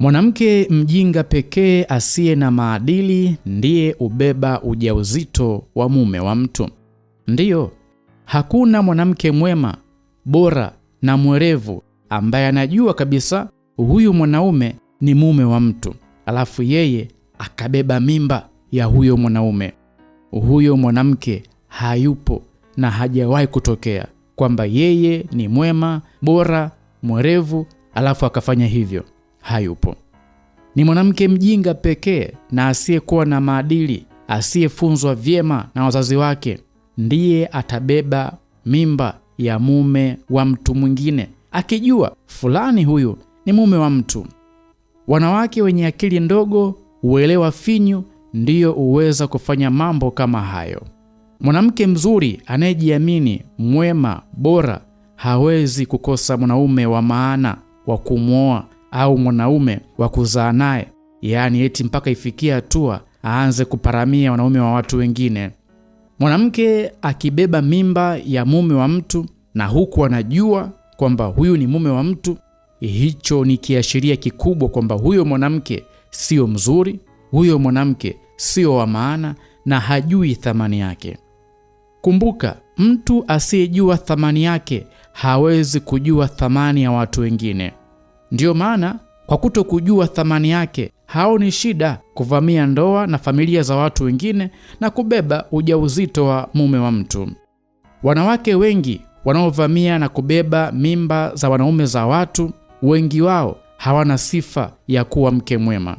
Mwanamke mjinga pekee asiye na maadili ndiye ubeba ujauzito wa mume wa mtu. Ndiyo, hakuna mwanamke mwema, bora na mwerevu ambaye anajua kabisa huyu mwanaume ni mume wa mtu, alafu yeye akabeba mimba ya huyo mwanaume. Huyo mwanamke hayupo na hajawahi kutokea kwamba yeye ni mwema, bora, mwerevu alafu akafanya hivyo hayupo. Ni mwanamke mjinga pekee na asiyekuwa na maadili, asiyefunzwa vyema na wazazi wake, ndiye atabeba mimba ya mume wa mtu mwingine, akijua fulani huyu ni mume wa mtu. Wanawake wenye akili ndogo, uelewa finyu, ndiyo huweza kufanya mambo kama hayo. Mwanamke mzuri anayejiamini, mwema, bora, hawezi kukosa mwanaume wa maana wa kumwoa au mwanaume wa kuzaa naye, yaani eti mpaka ifikie hatua aanze kuparamia wanaume wa watu wengine. Mwanamke akibeba mimba ya mume wa mtu na huku anajua kwamba huyu ni mume wa mtu, hicho ni kiashiria kikubwa kwamba huyo mwanamke sio mzuri, huyo mwanamke sio wa maana na hajui thamani yake. Kumbuka, mtu asiyejua thamani yake hawezi kujua thamani ya watu wengine. Ndiyo maana kwa kuto kujua thamani yake hao ni shida kuvamia ndoa na familia za watu wengine na kubeba ujauzito wa mume wa mtu. Wanawake wengi wanaovamia na kubeba mimba za wanaume za watu, wengi wao hawana sifa ya kuwa mke mwema,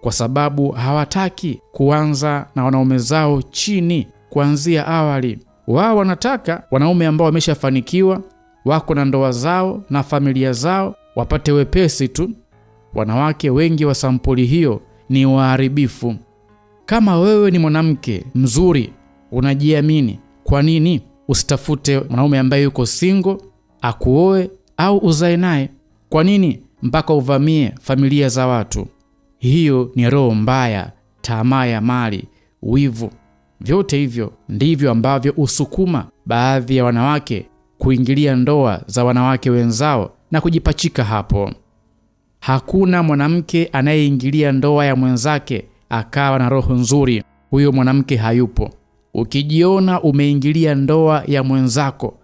kwa sababu hawataki kuanza na wanaume zao chini kuanzia awali. Wao wanataka wanaume ambao wameshafanikiwa, wako na ndoa zao na familia zao wapate wepesi tu. Wanawake wengi wa sampuli hiyo ni waharibifu. Kama wewe ni mwanamke mzuri, unajiamini, kwa nini usitafute mwanaume ambaye yuko single akuoe au uzae naye? Kwa nini mpaka uvamie familia za watu? Hiyo ni roho mbaya, tamaa ya mali, wivu. Vyote hivyo ndivyo ambavyo husukuma baadhi ya wanawake kuingilia ndoa za wanawake wenzao na kujipachika hapo. Hakuna mwanamke anayeingilia ndoa ya mwenzake akawa na roho nzuri, huyo mwanamke hayupo. Ukijiona umeingilia ndoa ya mwenzako,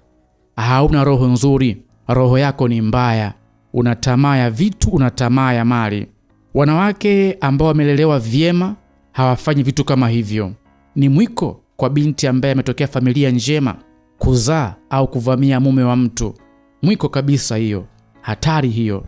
hauna roho nzuri, roho yako ni mbaya, una tamaa ya vitu, una tamaa ya mali. Wanawake ambao wamelelewa vyema hawafanyi vitu kama hivyo. Ni mwiko kwa binti ambaye ametokea familia njema kuzaa au kuvamia mume wa mtu, mwiko kabisa hiyo hatari hiyo.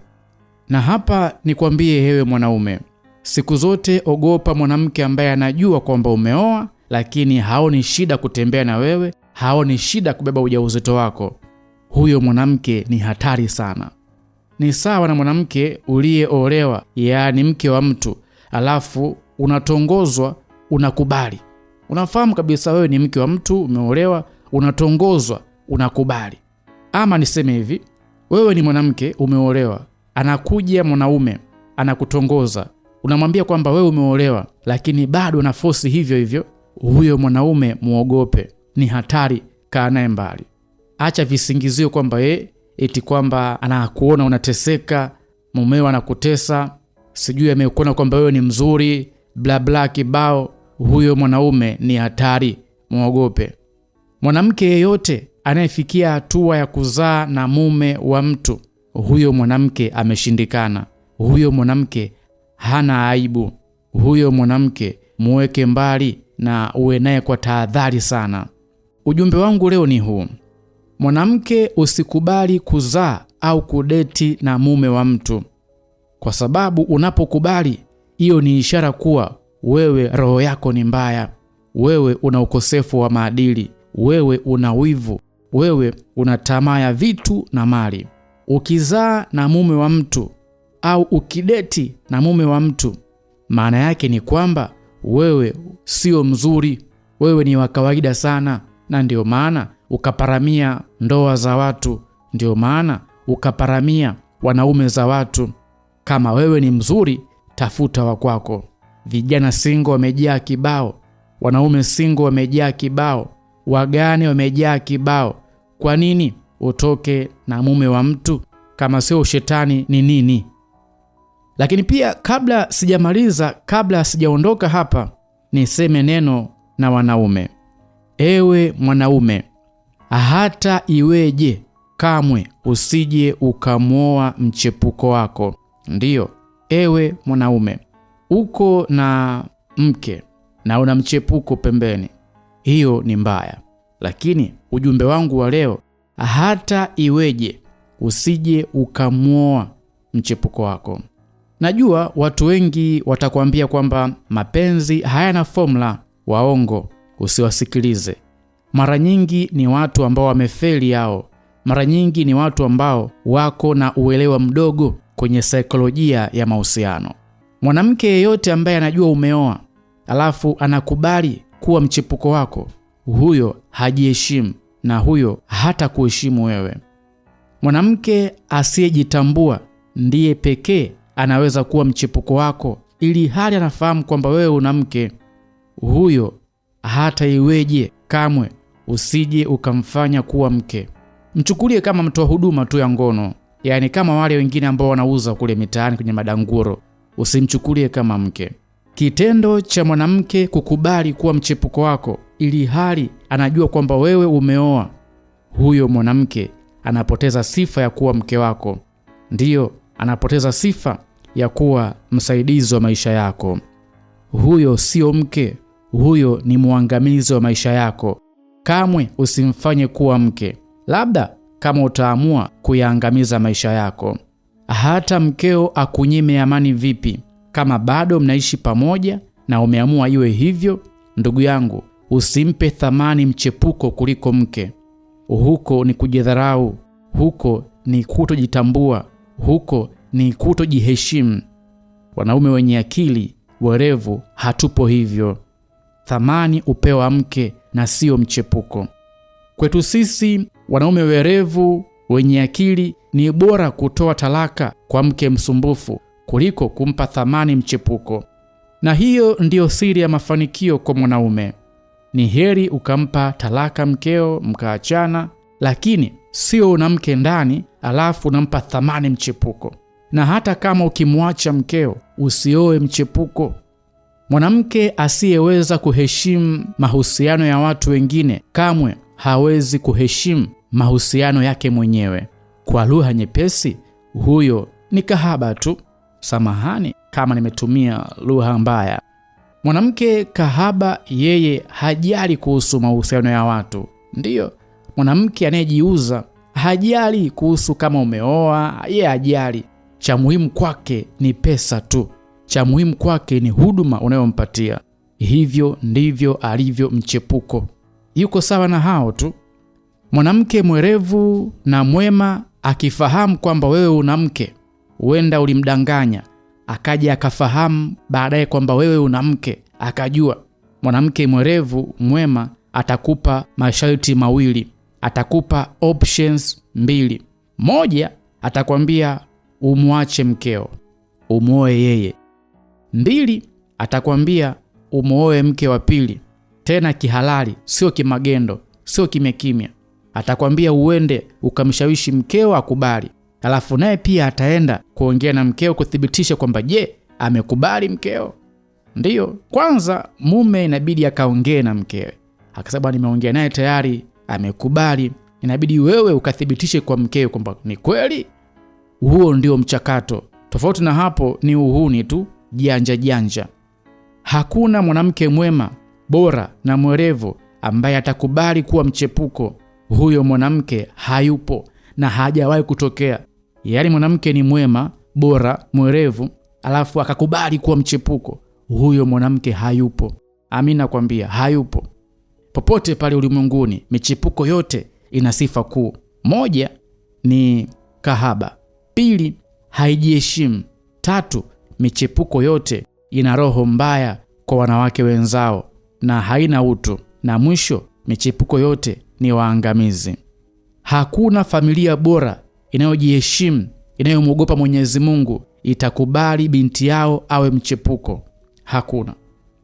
Na hapa nikwambie, hewe mwanaume, siku zote ogopa mwanamke ambaye anajua kwamba umeoa, lakini haoni shida kutembea na wewe, haoni shida kubeba ujauzito wako. Huyo mwanamke ni hatari sana. Ni sawa na mwanamke uliyeolewa, yaani mke wa mtu, alafu unatongozwa, unakubali. Unafahamu kabisa wewe ni mke wa mtu, umeolewa, unatongozwa, unakubali. Ama niseme hivi, wewe ni mwanamke umeolewa, anakuja mwanaume anakutongoza, unamwambia kwamba wewe umeolewa, lakini bado na fosi hivyo hivyo, huyo mwanaume muogope, ni hatari, kaa naye mbali. Acha visingizio kwamba ye eti kwamba anakuona unateseka, mumewe anakutesa, sijui amekuona kwamba wewe ni mzuri, blabla kibao. Huyo mwanaume ni hatari, mwogope Mwanamke yeyote anayefikia hatua ya kuzaa na mume wa mtu, huyo mwanamke ameshindikana. Huyo mwanamke hana aibu. Huyo mwanamke muweke mbali na uwe naye kwa tahadhari sana. Ujumbe wangu leo ni huu: mwanamke, usikubali kuzaa au kudeti na mume wa mtu, kwa sababu unapokubali, hiyo ni ishara kuwa wewe roho yako ni mbaya, wewe una ukosefu wa maadili, wewe una wivu, wewe una tamaa ya vitu na mali. Ukizaa na mume wa mtu au ukideti na mume wa mtu, maana yake ni kwamba wewe sio mzuri, wewe ni wa kawaida sana, na ndio maana ukaparamia ndoa za watu, ndio maana ukaparamia wanaume za watu. Kama wewe ni mzuri, tafuta wa kwako. Vijana singo wamejaa kibao, wanaume singo wamejaa kibao wagane wamejaa kibao. Kwa nini utoke na mume wa mtu kama sio ushetani ni nini? Lakini pia kabla sijamaliza, kabla sijaondoka hapa, niseme neno na wanaume. Ewe mwanaume, hata iweje, kamwe usije ukamwoa mchepuko wako. Ndiyo, ewe mwanaume, uko na mke na una mchepuko pembeni, hiyo ni mbaya. Lakini ujumbe wangu wa leo, hata iweje, usije ukamwoa mchepuko wako. Najua watu wengi watakwambia kwamba mapenzi hayana fomula. Waongo, usiwasikilize. Mara nyingi ni watu ambao wamefeli yao, mara nyingi ni watu ambao wako na uelewa mdogo kwenye saikolojia ya mahusiano. Mwanamke yeyote ambaye anajua umeoa alafu anakubali kuwa mchepuko wako, huyo hajiheshimu na huyo hata kuheshimu wewe. Mwanamke asiyejitambua ndiye pekee anaweza kuwa mchepuko wako, ili hali anafahamu kwamba wewe una mke. Huyo hata iweje, kamwe usije ukamfanya kuwa mke. Mchukulie kama mtoa huduma tu ya ngono, yaani kama wale wengine ambao wanauza kule mitaani kwenye madanguro. Usimchukulie kama mke. Kitendo cha mwanamke kukubali kuwa mchepuko wako ili hali anajua kwamba wewe umeoa, huyo mwanamke anapoteza sifa ya kuwa mke wako, ndiyo anapoteza sifa ya kuwa msaidizi wa maisha yako. Huyo sio mke, huyo ni mwangamizi wa maisha yako. Kamwe usimfanye kuwa mke, labda kama utaamua kuyaangamiza maisha yako. Hata mkeo akunyime amani vipi, kama bado mnaishi pamoja na umeamua iwe hivyo, ndugu yangu, usimpe thamani mchepuko kuliko mke. Huko ni kujidharau, huko ni kutojitambua, huko ni kutojiheshimu. Wanaume wenye akili werevu hatupo hivyo. Thamani upewa mke na sio mchepuko. Kwetu sisi wanaume werevu wenye akili, ni bora kutoa talaka kwa mke msumbufu kuliko kumpa thamani mchepuko. Na hiyo ndiyo siri ya mafanikio kwa mwanaume. Ni heri ukampa talaka mkeo mkaachana, lakini sio una mke ndani alafu unampa thamani mchepuko. Na hata kama ukimwacha mkeo, usioe mchepuko. Mwanamke asiyeweza kuheshimu mahusiano ya watu wengine kamwe hawezi kuheshimu mahusiano yake mwenyewe. Kwa lugha nyepesi, huyo ni kahaba tu samahani kama nimetumia lugha mbaya. Mwanamke kahaba yeye hajali kuhusu mahusiano ya watu. Ndiyo, mwanamke anayejiuza hajali kuhusu kama umeoa, yeye hajali. Cha muhimu kwake ni pesa tu, cha muhimu kwake ni huduma unayompatia. Hivyo ndivyo alivyo mchepuko, yuko sawa na hao tu. Mwanamke mwerevu na mwema akifahamu kwamba wewe una mke huenda ulimdanganya, akaja akafahamu baadaye kwamba wewe una mke, akajua. Mwanamke mwerevu mwema atakupa masharti mawili, atakupa options mbili. Moja, atakwambia umwache mkeo, umwoe yeye. Mbili, atakwambia umwoe mke wa pili, tena kihalali, sio kimagendo, sio kimekimya. Atakwambia uende ukamshawishi mkeo akubali, alafu naye pia ataenda kuongea na mkeo kuthibitisha kwamba je, amekubali mkeo. Ndiyo, kwanza mume inabidi akaongee na mkewe, akasema nimeongea naye tayari, amekubali. Inabidi wewe ukathibitishe kwa mkewe kwamba ni kweli. Huo ndio mchakato. Tofauti na hapo ni uhuni tu, janja janja. Hakuna mwanamke mwema, bora na mwerevu ambaye atakubali kuwa mchepuko. Huyo mwanamke hayupo na hajawahi kutokea yaani mwanamke ni mwema bora mwerevu alafu akakubali kuwa mchepuko huyo mwanamke hayupo amina kwambia hayupo popote pale ulimwenguni michepuko yote ina sifa kuu moja ni kahaba pili haijiheshimu tatu michepuko yote ina roho mbaya kwa wanawake wenzao na haina utu na mwisho michepuko yote ni waangamizi hakuna familia bora inayojiheshimu, inayomwogopa Mwenyezi Mungu itakubali binti yao awe mchepuko? Hakuna.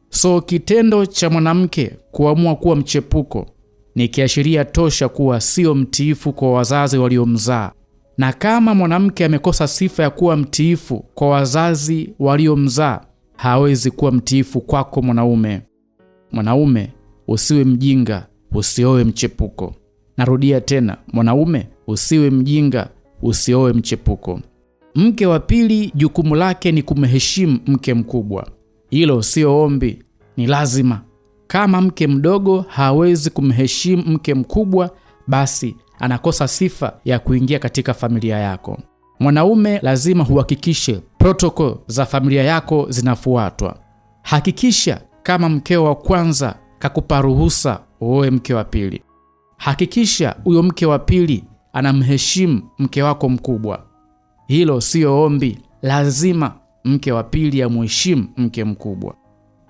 So kitendo cha mwanamke kuamua kuwa mchepuko ni kiashiria tosha kuwa sio mtiifu kwa wazazi waliomzaa. Na kama mwanamke amekosa sifa ya kuwa mtiifu kwa wazazi waliomzaa, hawezi kuwa mtiifu kwako mwanaume. Mwanaume usiwe mjinga, usiowe mchepuko. Narudia tena, mwanaume usiwe mjinga, usioe mchepuko. Mke wa pili jukumu lake ni kumheshimu mke mkubwa. Hilo sio ombi, ni lazima. Kama mke mdogo hawezi kumheshimu mke mkubwa, basi anakosa sifa ya kuingia katika familia yako. Mwanaume lazima huhakikishe protokol za familia yako zinafuatwa. Hakikisha kama mkeo wa kwanza kakupa ruhusa uoe mke wa pili, hakikisha huyo mke wa pili anamheshimu mke wako mkubwa. Hilo siyo ombi, lazima mke wa pili amuheshimu mke mkubwa.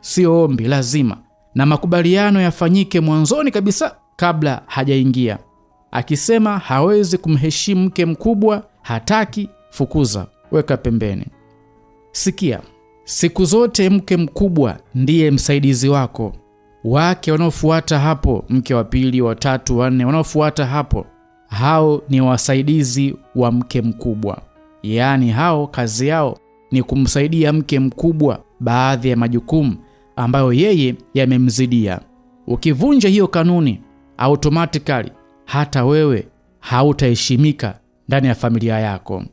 Siyo ombi, lazima na makubaliano yafanyike mwanzoni kabisa, kabla hajaingia. Akisema hawezi kumheshimu mke mkubwa, hataki, fukuza, weka pembeni. Sikia, siku zote mke mkubwa ndiye msaidizi wako. Wake wanaofuata hapo, mke wa pili, watatu wanne wanaofuata hapo hao ni wasaidizi wa mke mkubwa, yaani hao kazi yao ni kumsaidia mke mkubwa baadhi ya majukumu ambayo yeye yamemzidia. Ukivunja hiyo kanuni, automatically hata wewe hautaheshimika ndani ya familia yako.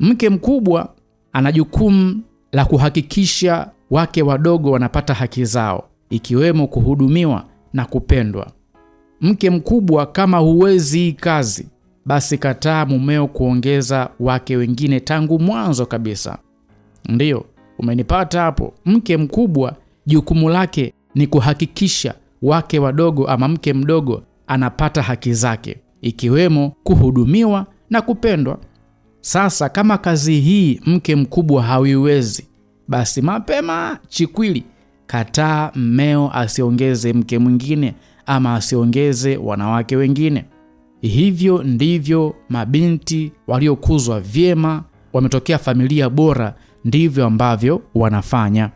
Mke mkubwa ana jukumu la kuhakikisha wake wadogo wanapata haki zao, ikiwemo kuhudumiwa na kupendwa. Mke mkubwa kama huwezi hii kazi, basi kataa mumeo kuongeza wake wengine tangu mwanzo kabisa. Ndiyo, umenipata hapo. Mke mkubwa jukumu lake ni kuhakikisha wake wadogo ama mke mdogo anapata haki zake, ikiwemo kuhudumiwa na kupendwa. Sasa kama kazi hii mke mkubwa hauiwezi, basi mapema chikwili, kataa mmeo asiongeze mke mwingine ama asiongeze wanawake wengine. Hivyo ndivyo mabinti waliokuzwa vyema, wametokea familia bora, ndivyo ambavyo wanafanya.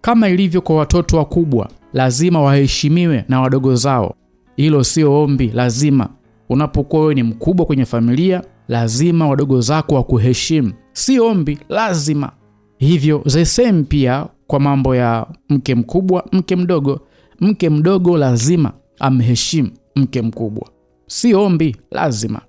Kama ilivyo kwa watoto wakubwa, lazima waheshimiwe na wadogo zao. Hilo sio ombi, lazima. Unapokuwa wewe ni mkubwa kwenye familia, lazima wadogo zako wakuheshimu, si ombi, lazima. Hivyo the same pia kwa mambo ya mke mkubwa, mke mdogo. Mke mdogo lazima amheshimu mke mkubwa. Si ombi, lazima.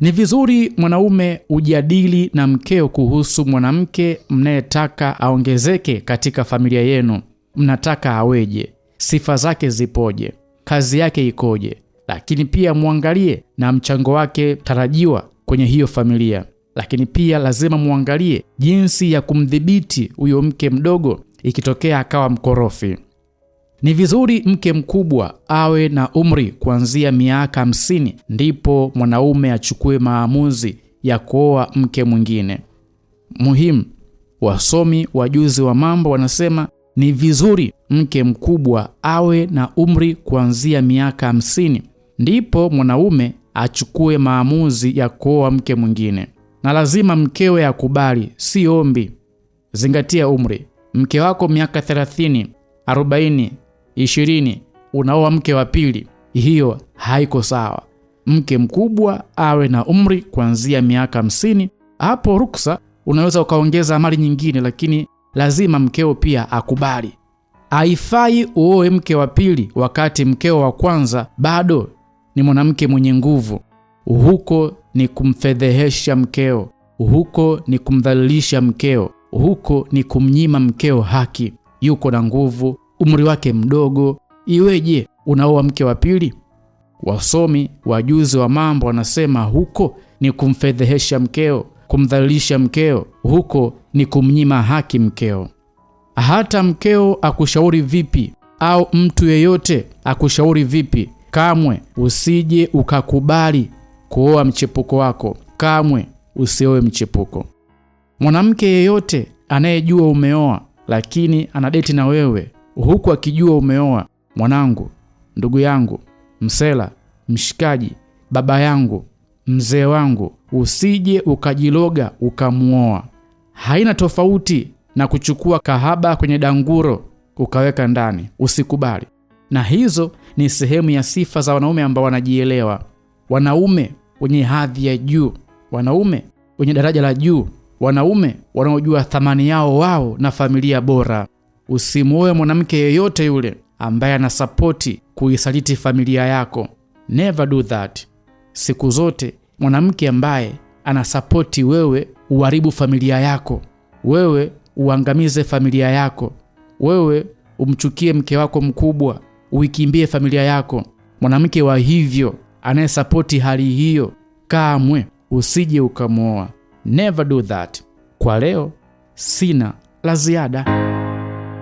Ni vizuri mwanaume ujadili na mkeo kuhusu mwanamke mnayetaka aongezeke katika familia yenu. Mnataka aweje? Sifa zake zipoje? Kazi yake ikoje? Lakini pia mwangalie na mchango wake tarajiwa kwenye hiyo familia. Lakini pia lazima mwangalie jinsi ya kumdhibiti huyo mke mdogo ikitokea akawa mkorofi. Ni vizuri mke mkubwa awe na umri kuanzia miaka hamsini ndipo mwanaume achukue maamuzi ya kuoa mke mwingine. Muhimu, wasomi wajuzi wa mambo wanasema ni vizuri mke mkubwa awe na umri kuanzia miaka hamsini ndipo mwanaume achukue maamuzi ya kuoa mke mwingine, na lazima mkewe akubali, si ombi. Zingatia umri. Mke wako miaka 30, 40 ishirini, unaoa mke wa pili, hiyo haiko sawa. Mke mkubwa awe na umri kuanzia miaka hamsini. Hapo ruksa unaweza ukaongeza mali nyingine, lakini lazima mkeo pia akubali. Haifai uoe mke wa pili wakati mkeo wa kwanza bado ni mwanamke mwenye nguvu. Huko ni kumfedhehesha mkeo, huko ni kumdhalilisha mkeo, huko ni kumnyima mkeo haki. Yuko na nguvu, umri wake mdogo, iweje unaoa mke wa pili? Wasomi wajuzi wa mambo wanasema huko ni kumfedhehesha mkeo, kumdhalilisha mkeo, huko ni kumnyima haki mkeo. Hata mkeo akushauri vipi au mtu yeyote akushauri vipi, kamwe usije ukakubali kuoa mchepuko wako. Kamwe usioe mchepuko. Mwanamke yeyote anayejua umeoa lakini anadeti na wewe, huku akijua umeoa mwanangu, ndugu yangu, msela, mshikaji, baba yangu, mzee wangu, usije ukajiloga ukamuoa Haina tofauti na kuchukua kahaba kwenye danguro ukaweka ndani. Usikubali. Na hizo ni sehemu ya sifa za wanaume ambao wanajielewa, wanaume wenye hadhi ya juu, wanaume wenye daraja la juu, wanaume wanaojua thamani yao wao na familia bora. Usimuoe mwanamke yeyote yule ambaye anasapoti kuisaliti familia yako. Never do that. Siku zote mwanamke ambaye anasapoti wewe uharibu familia yako, wewe uangamize familia yako, wewe umchukie mke wako mkubwa, uikimbie familia yako, mwanamke wa hivyo anayesapoti hali hiyo, kamwe usije ukamwoa. Never do that. Kwa leo sina la ziada.